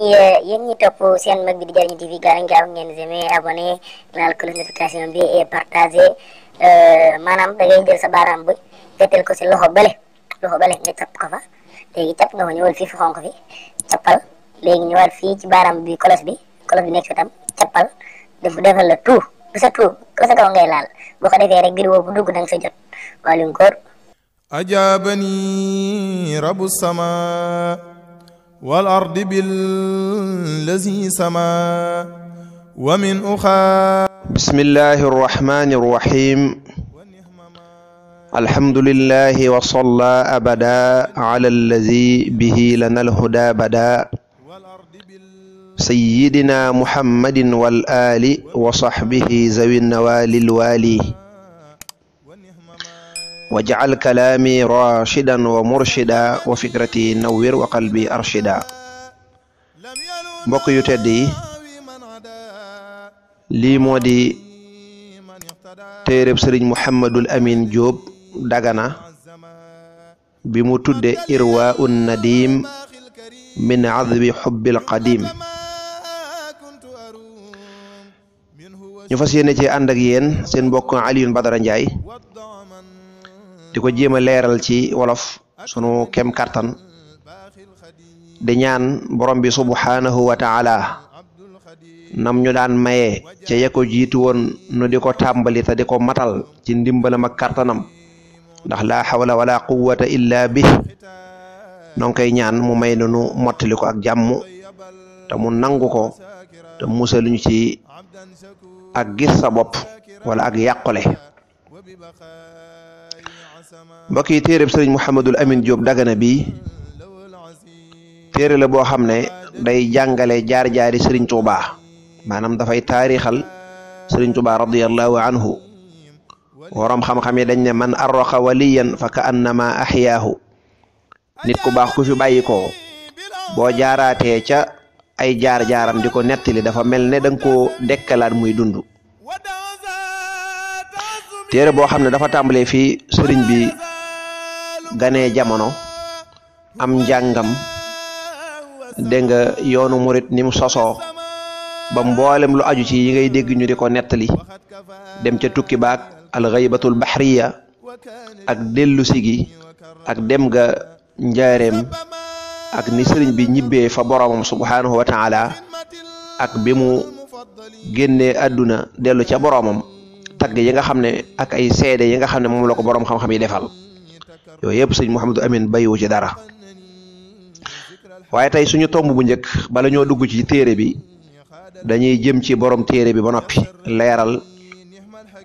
e yenni topp seen mag di jariñu tv garan gaaw ngeen aimer abonné laal cloche notification bi et manam maanaam da ngay tetel si loxo bële loxo bële nga capp ko fa léegi capp nga ko ñëwal fii bi kolos bi kolos bi nekk fi tam cappal def defal la tout bu sa tout la sa kaw ngay ajabani rabu sama والأرض بالذي سما ومن أخا بسم الله الرحمن الرحيم الحمد لله وصلى أبدا على الذي به لنا الهدى بدا سيدنا محمد والآل وصحبه ذوي النوال الوالي واجعل كلامي راشدا ومرشدا وفكرتي نوير وقلبي ارشدا بوك يوتدي لي مودي تيرب سيرن محمد الامين جوب دغانا بمو تودي ارواء النديم من عذب حب القديم ñu fas yéene ci ànd ak yéen seen mbokk aliou badara di ko leral ci wolof sunu kem kartan di ñaan borom bi subhanahu wa taala nam ñu daan maye ci ya ko won woon nu ko tàmbali matal ci ndimbal ma kartanam ndax la hawla wala quwwata illa bih non kay ñaan mu may nanu motaliko ak jamm ta mu nanguko ta musaluñ ci ak gis sa bop wala ak yakole mbokk yi téereb sëriñ Mouhamadul Amin Diop Dagana bi téere la boo xam ne day jàngale jaar-jaari sëriñ Tuubaa maanaam dafay taarixal sëriñ Tuubaa radiyallahu anhu waroom xam-xam yi dañ ne man arroqa waliyan fa ka annama axyaahu nit ku baax ku fi bàyyi ko boo jaaraatee ca ay jaar-jaaram di ko nettali dafa mel ne danga koo dekkalaat muy dund téere boo xam ne dafa tàmbalee fii sëriñ bi ganee jamono am njàngam dégg nga yoonu murit ni mu sosoo ba mboolem lu aju ci yi ngay dégg ñu di ko nettali dem ca tukki baak alxaybatul baxriya ak dellu sigi ak dem ga njaareem ak ni sëriñ bi ñibbee fa boromam subhaanahu wa taala ak bi mu génnee àdduna dellu ca boromam tagg yi nga xam ne ak ay seede yi nga xam ne moom la ko boroom xam-xam yi defal yooyu yëpp sëñ Mouhamadou Amine bayiwu ci dara waaye tey suñu tomb bu njëkk bala ñoo dugg ci téere bi dañuy jëm ci boroom téere bi ba noppi leeral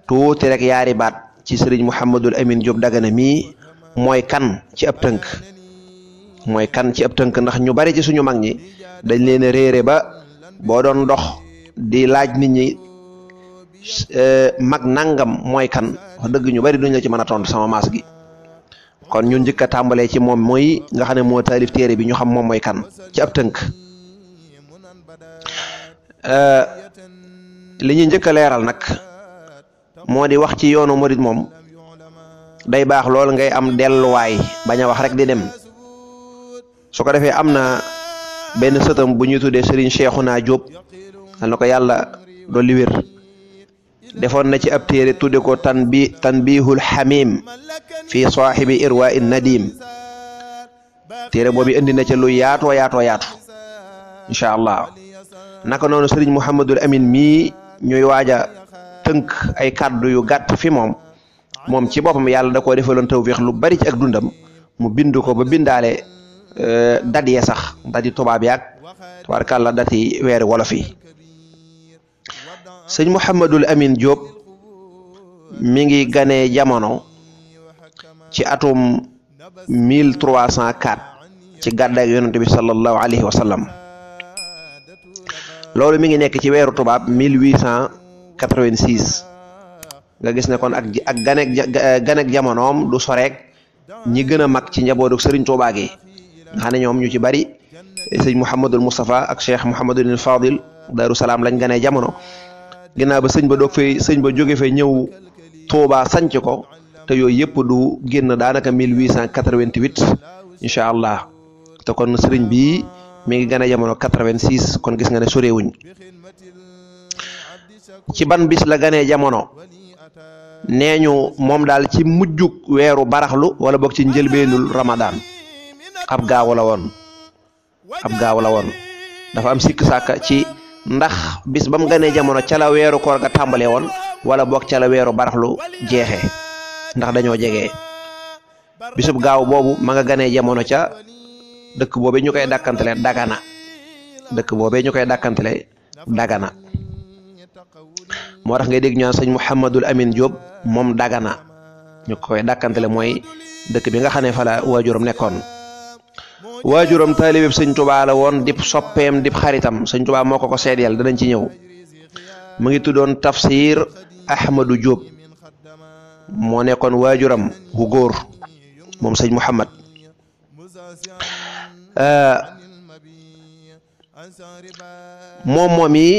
tuuti rek yaari baat ci sëriñ Mouhamadul Amine Diop Dagana mii mooy kan ci ab tënk mooy kan ci ab tënk ndax ñu bari ci suñu mag ñi dañ leen réere ba boo doon dox di laaj nit ñi Eh, mag nangam mooy kan wax dëgg ñu bari duñ la ci mën a ton sama maas gi kon ñu njëkk a tàmbalee ci moom mooy nga xam ne moo taalif téere bi ñu xam moom mooy kan ci ab tënk eh, li ñuy njëkk a leeral nag moo di wax ci yoonu murit moom day baax lool ngay am delluwaay bañ a wax rek di dem su ko defee am na benn sëtam bu ñuy tuddee Serigne Cheikhouna Diop na ko yàlla dolli wér. defoon na ci ab téere tudde ko tanbi tanbihul xamim fi saaxibi irwa in nadim téere boobu indi na ca lu yaato yaato yaatu incha allah naka noonu sëriñ Mouhamadul Amin mii ñuy waaja tënk ay kàddu yu gàtt fi moom moom ci boppam yàlla da koo defaloon tawféex lu bari ci ak dundam mu bind ko ba bindaale euh, dat yee sax dati tubaab yaag tubaarkàlla dati weeri wolof sëñ Mouhamadul Amine Diop mi ngi ganee jamono ci atum cent 1304 ci gàddaay yonante bi sallallahu alayhi wa sallam loolu mi ngi nekk ci weeru tubaab 1886 nga gis ne kon ak ak ganeeg ganeeg jamonoom du soreeg ñi gën a mag ci njabootu sëriñ Tuubaa gi nga xam ñoom ñu ci bari sëñ Mouhamadul Moustapha ak cheikh Mouhamadul Fadil Daaru Salaam lañ ganee jamono ginnaaw ba sëñ ba doog fee sëñ ba jóge fee ñëw Touba sanc ko te yooyu yëpp du génn daanaka 1888 incha allah te kon sëriñ bi mi ngi gën a jamono 86 kon gis nga ne sorewuñ ci ban bis la ganee jamono nee ñu moom daal ci mujjug weeru baraxlu wala boog ci njëlbeenul Ramadan ab gaaw la woon ab gaaw la woon dafa am sikk sàkka ci. ndax bis bam gane jamono ca la wéru koor ga tambale won wala bok ca la wéru baraxlu jéxé ndax daño jégé bisub gaaw bobu ma nga gane jamono ca dëkk bobé ñukay dakantalé dagana dëkk bobé ñukay dakantalé dagana motax ngay dégg ñaan señ muhammadul amin job mom dagana ñukoy dakantalé moy dëkk bi nga xane fala wajurum nekkon waajuram taalibeeb sëñ tubaa la woon dip soppeem dip xaritam sëñ tubaa moo ko ko seedeel danañ ci ñëw mu ngi tuddoon tafsir ahmadu Diop moo nekkoon waajuram wu góor moom sëñ Muhammad moom moom yi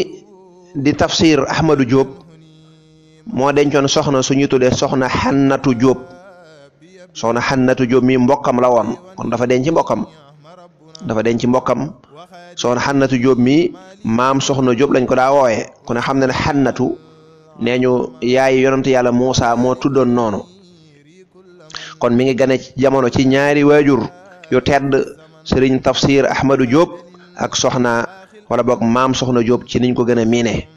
di tafsir ahmadu jóob moo dencoon soxna su ñuy tuddee soxna xannatu jóob soxna xannatu Jóob mii mbokkam la woon kon dafa ci mbokkam dafa denc mbokkam soxna xannatu Jóob mi maam soxna Jóob lañ ko daa wooye kon ne xam ne na xannatu nee ñu yaay yonante yàlla Muusa moo tuddoon noonu kon mi ngi gane jamono ci ñaari waajur yu tedd sëriñ tafsir Ahmadou Diop ak soxna wala boog maam soxna Diop ci niñ ko gën a miine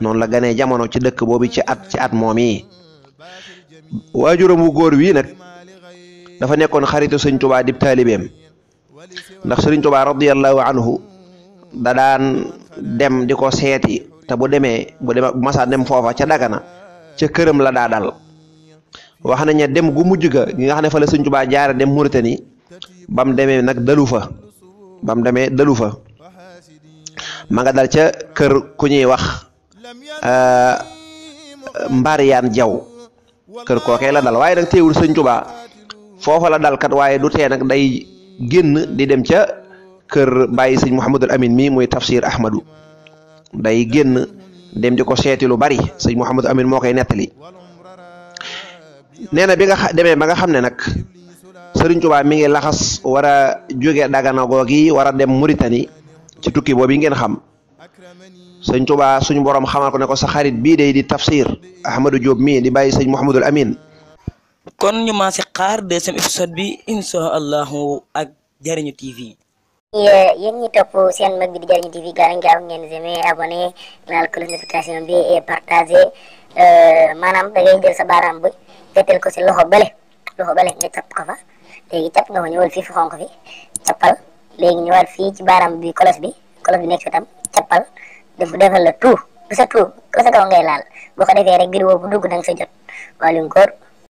noonu la gane jamono ci dëkk boobu ci at ci at moom yi waajuramu góor wii nag dafa nekkoon xaritu sëñ tubaa dib taalibeem ndax sëriñ tubaa radiyallahu anhu da daan dem di ko seeti te bu demee bu demee masaa dem foofa ca dagana ca këram la daa dal wax nañu dem gu mujj ga gi nga xam ne fa la sëñ tubaa jaare dem Mauritanie ba mu demee nag dalu fa ba demee dalu fa ma nga dal ca kër ku ñuy wax euh, mbariyaan jaw kër kookee la dal waaye nag teewul sëñ Tuubaa foofa la dal kat waaye du tee nag day génn di dem ca kër bàyyi sëñ Mouhamadul Amin mi muy tafsir Ahmadu day génn dem di ko seeti lu bari sëñ Mouhamadul Amin moo koy nettali nee na bi nga demee ba nga xam ne nag sëriñ Tuubaa mi ngi laxas war a jóge Dagana googi war a dem Muritani ci tukki boobu ngeen xam. sëñ Tuubaa suñu boroom xamal ko ne ko sa xarit bii day di tafsir Ahmadou Diop mi di bàyyi sëñ Mouhamadul Amin kon ñu maa si xaar deuxième épisode bi insha allahu ak Jariñu TV. yéen ñi topp seen mag bi di Jariñu TV gaaw ngeen ngeen zeme abonné laal cloche bi et partagé euh, maanaam da ngay jël sa baaraam bi féetal ko se loxo bële loxo bële nga tapp ko fa léegi tapp nga fi ci baaraam bi kolos bi kolos bi nekk fi tam def defal la tout bu sa tout la sa kaw ngay laal boo ko defee rek vidéo bu dugg da nga sa jot waalum koor